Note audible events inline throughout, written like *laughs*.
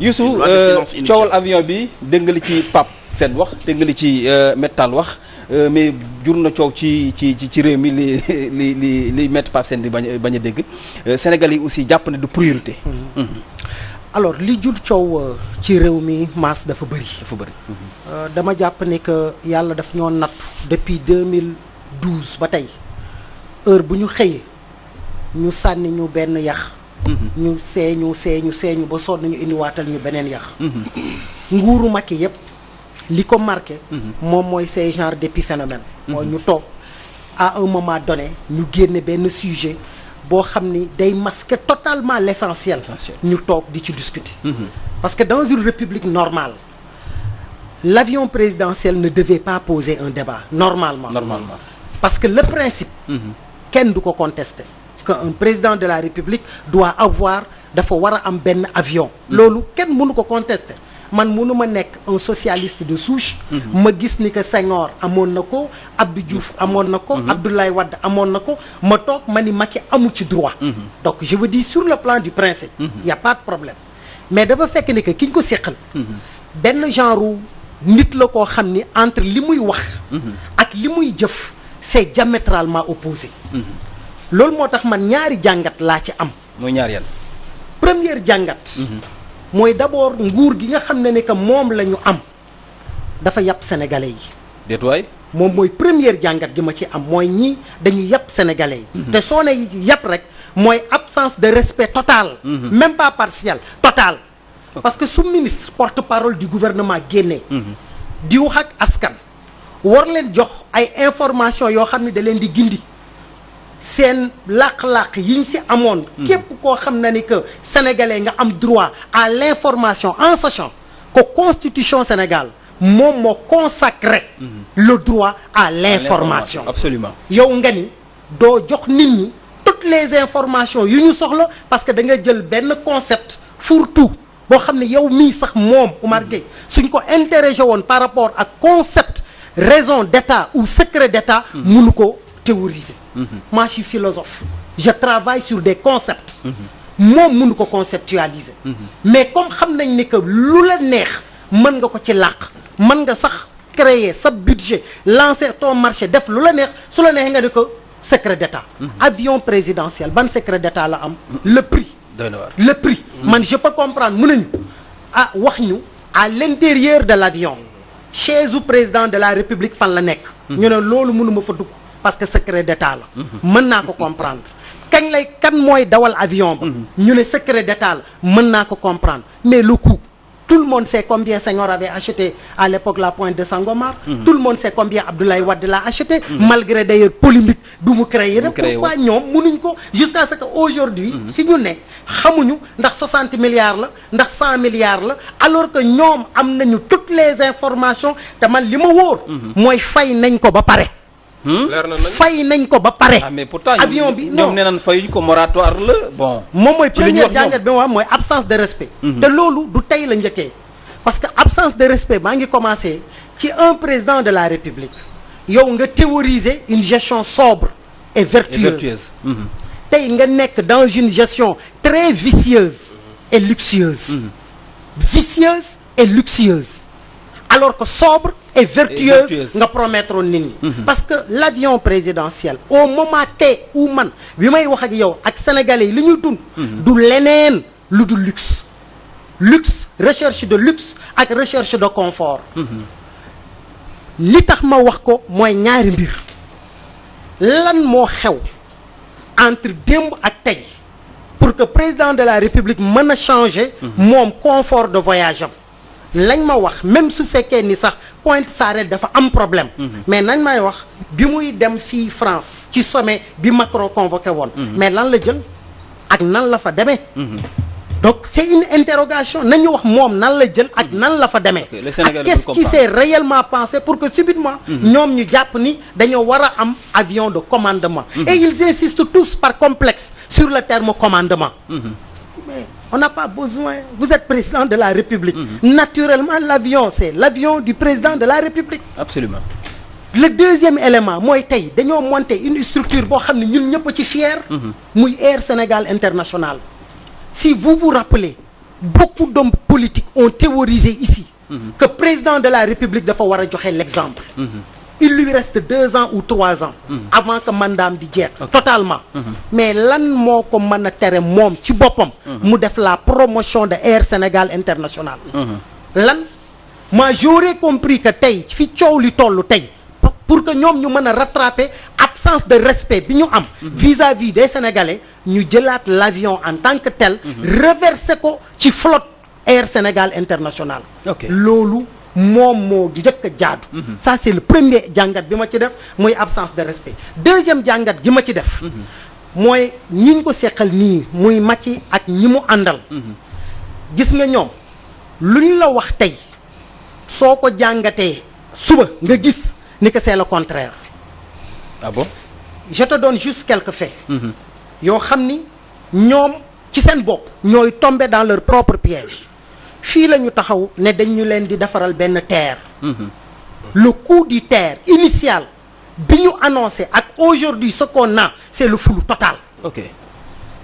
Youssou euh, coowal avion bi dégg nga li ci Pape Sène wax dégg nga li ci euh, Métal wax euh, mais jur na coow ci ci ci réew mi li *laughs* li li li maître Pape Sène bañ a dégg Sénégal yi aussi jàpp ne du priorité. Mhm. alors li jur coow ci réew mi masse dafa bëri. dafa bëri. Mhm. dama jàpp ne que yàlla daf ñoo nattu depuis 2012 ba tey heure bu ñu xëyee ñu sànni ñu benn yax. ñu seeñu seeñu seeñu ba sonn ñu indiwaatal ñu beneen yax mm-hmm. nguuru Macky yëpp li ko marqué mm-hmm. moom mooy ces genre d'épiphénomène mooy ñu mm-hmm. toog à un moment donné ñu génne benn sujet boo xam ni day masquer totalement l'essentiel ñu toog di ci discuter parce que dans une république normale l'avion présidentiel ne devait pas poser un débat normalement normalement parce que le principe kenn du ko contester qu'un président de la République doit avoir dafa war a am benn avion loolu kenn mënu ko contester man mënu ma nekk un socialiste de souche mhm. ma gis ni que Senghor amoon na ko Abdou Diouf amoon na ko mhm. Abdoulaye wadd amoon na ko ma toog ma ni Macky amu ci droit mhm. donc je veux sur le plan du principe y a pas de problème mais dafa fekk ni que ki ñu ko séqal benn genre nit la koo xam ni entre li muy wax ak li muy jëf c'est diamétralement opposé loolu moo tax man ñaari jàngat laa ci am. mooy ñaar yan. première jàngat. Mhm. mooy d'abord nguur gi nga xam ne ne que moom la ñu am dafa yàpp sénégalais yi. déet moom mooy première jàngat gi ma ci am mooy ñii dañu yàpp sénégalais yi. Mhm. te soo ne yàpp rek mooy absence de respect total. Mhm. même pas partiel total. parce que su ministre porte-parole du gouvernement génne di ak askan. war leen jox ay information yoo xam ne da leen di gindi. seen làq-làq yi ñu si amoon képp koo xam na ni que sénégalais nga am droit à l'information en sachant ko constitution Sénégal moom moo consacré mhm. le droit à l'information absolument yow nga ni doo jox nit ñu toutes les informations yu ñu soxla parce que da nga jël benn concept surtout boo xam ne yow mii sax moom Oumar mhm. Gueye suñ ko interrogé woon par rapport ak concept raison d'état ou secret d'état mënu mhm. ko théoriser Mm-hmm. moi je suis philosophe je travaille sur des concepts mm-hmm. moom munu ko conceptualiser mm-hmm. mais comme xam nañ ne que lu la neex mën nga ko ci làq man nga sax créer sa budget lancer ton marché def lu la neex su la neexee nga ne ko secret d'état avion présidentiel ban secret d'état la am le prix le prix man je peux comprendre mën nañu ah wax ñu à l'intérieur de l'avion chaise u président de la république fan la nekk ñu ne loolu mënuma fa dugg parce que secret d'état la mhm. mën naa ko comprendre kañ lay kan mooy dawal avion ba mhm. ñu ne secret d'état la mën naa ko comprendre mais lu coût tout le monde se combien Senghor avait acheté à l'époque la pointe de Sangomar mhm. tout le monde sait combien Abdoulaye Wade l'a acheté malgré d'ailleurs polémique bi mu créé rek pourquoi ñoom mënuñ ko jusqu'à ce que aujourd'hui fi ñu ne xamuñu ndax 60 milliards la ndax 100 milliards la alors que ñoom am nañu toutes les informations te man li ma wóor mooy fay nañ ko ba pare Hmm? fay nañ ko ba pare. Ah, mais pourtant avion bi non ñoom nee nañ fayuñ ko moratoir la bon. moom mooy première jàngat bi ma wax mooy absence de respect. Mhm. te loolu du tey la njëkkee. parce que absence de respect maa ngi commencé ci un président de la république yow nga théoriser une gestion sobre et vertueuse mhm. tey nga nekk dans une gestion très vicieuse et luxueuse mhm. vicieuse et luxueuse alors que sobre et vertueuse nga promettre nit ñi mhm. parce que l'avion présidentiel au moment T où man bi may wax ak yow ak sénégalais li ñuy dund mhm. du leneen lu du luxe luxe recherche de luxe ak recherche de confort mhm. li tax ma wax ko mooy ñaari mbir lan moo xew entre démb ak tey pour que président de la république mën a changé moom confort de voyage am lañ ma wax même su fekkee ni sax Pointe Sarène dafa am problème mhm. mais nañ may wax bi muy dem fii France ci sommet bi Macron convoqué woon mhm. mais lan la jël ak nan la fa demee mhm. donc c'est une interrogation nañu wax moom nan la jël ak nan la fa demee ak qu'est-ce qui s'est réellement pensé pour que subitement ñoom ñu jàpp ni dañoo war a am avion de commandement et ils insistent tous par complexe sur le terme commandement on n'a pas besoin vous êtes président de la République mm -hmm. naturellement l'avion c'est l'avion du président de la République absolument le deuxième élément mooy tey dañoo monter une structure boo xam ne ñun ñëpp ci fier mhm. muy Air Sénégal International si vous vous rappelez beaucoup d'hommes politiques ont théorisé ici mm que président de la République dafa war a joxe l'exemple mhm. il lui reste deux ans ou trois ans. Hmm. avant que mandaam di jeex. totalement. Hmm. mais lan moo ko mën a tere moom ci boppam. Hmm. mu def la promotion de Air Sénégal International. lan ma j'aurais compris que tey fi coow li tollu tey pour que ñoom ñu mën a rattraper absence de respect bi ñu am. vis-à-vis des sénégalais ñu jëlaat l'avion en tant que tell reverser ko ci flotte Air Sénégal International. loolu. moom moo njëkk a jaadu. Mhm. ça c'est le premier jàngat bi ma ci def mooy absence de respect deuxième jàngat gi ma ci def. Mhm. mooy ñi ñu ko seqal nii muy Macky ak ñi mu àndal. Mhm. gis nga ñoom ñu la wax tey soo ko jàngatee suba nga gis ni que c'est le contraire. ah bon je te juste quelques faits. yoo xam ni ñoom ci seen bopp ñooy tomber dans leur propre piège. fii la ñu taxaw ne dañu leen di defaral benn terre. Mhm. le coût du terre initial bi ñu annoncé ak aujourd'hui ce qu'on a c'est le flou total. ok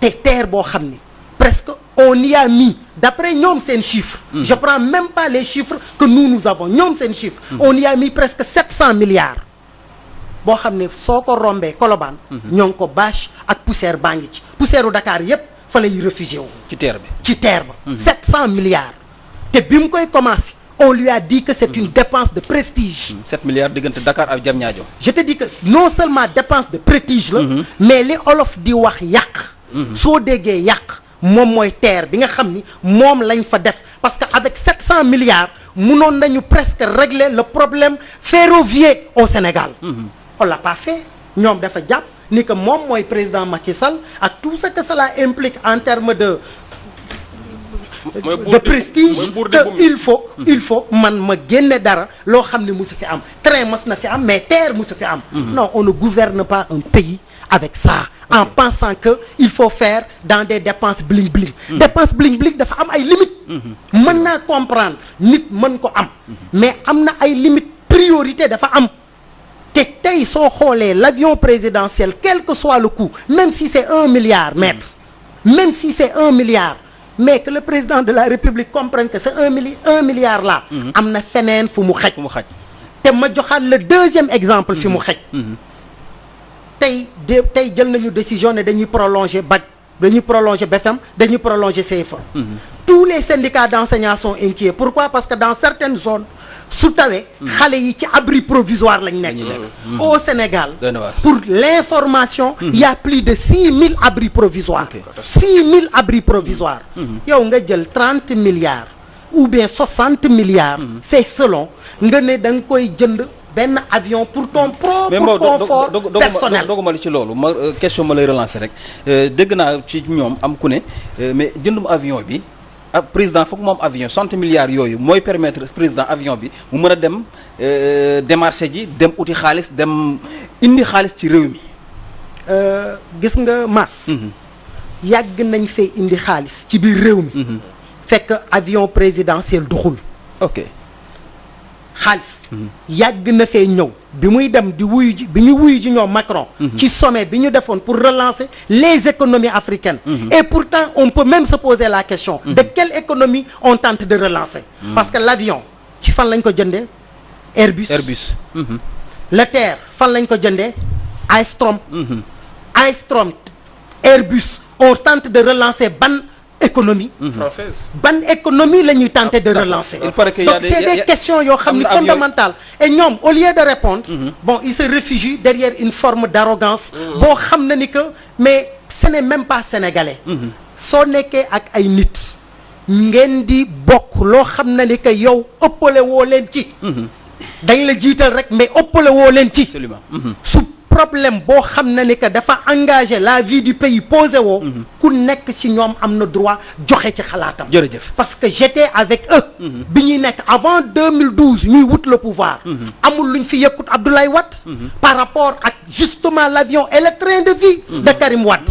te terre boo xam ne presque on y a mis d'après ñoom seen chiffre. Mhm. je prends même pas les chiffres que nous nous avons ñoom seen chiffre. Mhm. on y a mis presque sept cent milliards. boo xam ne soo ko rombee Colobane. ñoo ngi ko bâche ak poussière baa ngi ci poussière u Dakar yépp fa lay réfugié wu. ci terre bi ci terre ba. sept cent milliards. te bi mu koy commencé on lui a dit que c' mm-hmm. une dépense de prestige. 7 mm-hmm. milliards diggante Dakar ak Diamniadio. je te dis que non seulement dépense de prestige la. Mm-hmm. mais li olof di wax yàq. soo déggee yàq moom mooy terre bi nga xam ni moom lañ fa def parce que avec 700 milliards mënoon nañu presque régler le problème ferroviaire au Sénégal. on l'a pas fait ñoom dafa jàpp ni que moom mooy président Macky Sall ak tout ce que cela implique en termes de. de prestige que il faut il faut man ma génne dara loo xam ne musu fi am train mas na fi am mais terre musu fi am mhm. non on ne gouverne pas un pays avec ça en pensant que il faut faire dans des dépenses bling bling mmh. dépenses bling bling dafa am ay limites mhm. mën naa comprendre nit mën ko am mhm. mais am na ay limites priorités dafa am te tey soo xoolee l'avion présidentiel quel que soit le coût même si c'est un milliard maître même si c'est un milliard mais que le président de la république comprenne que c'est un milli un milliard là. Mhm. am na feneen fu mu xaj. mu xaj te ma joxaat le deuxième exemple. fi mu mhm. xaj. Mhm. tey de tey jël nañu décision ne dañuy prolonger bac. dañuy prolonger BFM dañuy prolonger CFA. Mhm. tous les syndicats d'enseignants sont inquiets pourquoi parce que dans certaines zones su tawee. Mhm. xale yi ci abri provisoire lañ nekk. Mhm. au Sénégal. pour l'information. il y plus de six mille abris provisoires. six mille abris provisoires. yow nga jël trente milliards ou bien soixante milliards. c'est selon nga ne da nga koy jënd. benn avion pour ton propre confort personnel dogu ma li ci loolu ma euh, question ma lay relancer rek euh, dëgg naa ci ñoom am ku ne euh, mais jëndum avion bi ab ah, président foog moom avion cent milliards yooyu mooy permettre président avion bi mu mën a dem démarché ji dem uti xaalis dem indi xaalis ci réew mi gis nga mass mhm. yàgg nañ fee indi xaalis ci biir réew mi mhm. fekk avion présidentiel duxul xaalis mhm. yàgg na fee ñëw bi muy dem di wuy bi ñu wuy ji ñoo Macron mhm. ci sommet bi ñu defoon pour relancer les économies africaines mhm. et pourtant on peut même se poser la question de quelle économie on tente de relancer parce que l'avion ci fan lañ ko jëndee Airbus Airbus la terre fan lañ ko jëndee Alstom Alstom Airbus on tente de relancer ban économie. Mhm. française ban économie la ñuy tenter de relancer. il paraît que y a des donc c'est des questions yoo xam ni fondamentales. et ñoom au lieu de répondre. Mhm. bon ils se réfugient derrière une forme d'arrogance. Mhm. boo xam na ni que mais ce n'est même pas sénégalais. soo nekkee ak ay nit. ngeen di bokk loo xam na ni que yow ëppale woo leen ci. dañ la jiital rek mais ëppale woo leen ci. su problème boo xam ne ni que dafa engagé la vie du pays posé woo mhm. ku nekk si ñoom am na droit joxe ci xalaatam jërëjëf parce que jete avec eux mhm. bi ñuy nekk avant 2012 ñuy wut le pouvoir mhm. amul luñ fi yëkkut Abdoulaye Wade par rapport ak justement l'avion et le train de vie de Karim Wade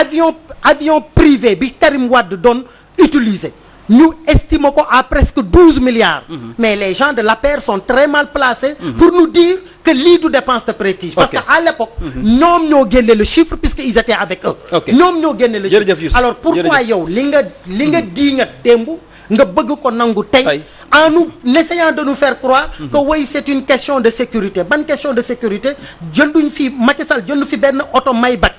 avion avion privé bi Karim Wade doon utiliser ñu estime ko à presque douze milliards mais les gens de l'APR sont très mal placés pour nous dire que lii du dépense de prestige. parce que à l'époque mhm. ñoom ñoo génne le chiffre puisque ils étaient avec eux. ñoom ñoo génne le chiffre alors pourquoi yow li nga li nga mhm. di nga démb nga bëgg ko nangu tey. en nous essayant de nous faire croire mm -hmm. que oui c'est une question de sécurité ban question de sécurité jënduñ fi Macky Sall jëndu fi benn oto may bat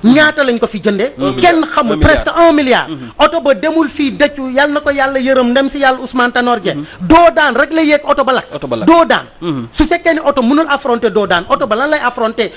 ñaata lañ ko fi jëndee kenn xamul presque un milliard mm-hmm. oto ba demul fii dëccu yal na ko yàlla yërëm ndem si yàlla Ousmane Tanor Dieng mm-hmm. doo daan rek la yeeg oto ba oto ba lakk doo daan mm-hmm. su fekkee ni oto mënul affronter doo daan oto ba lan lay affronter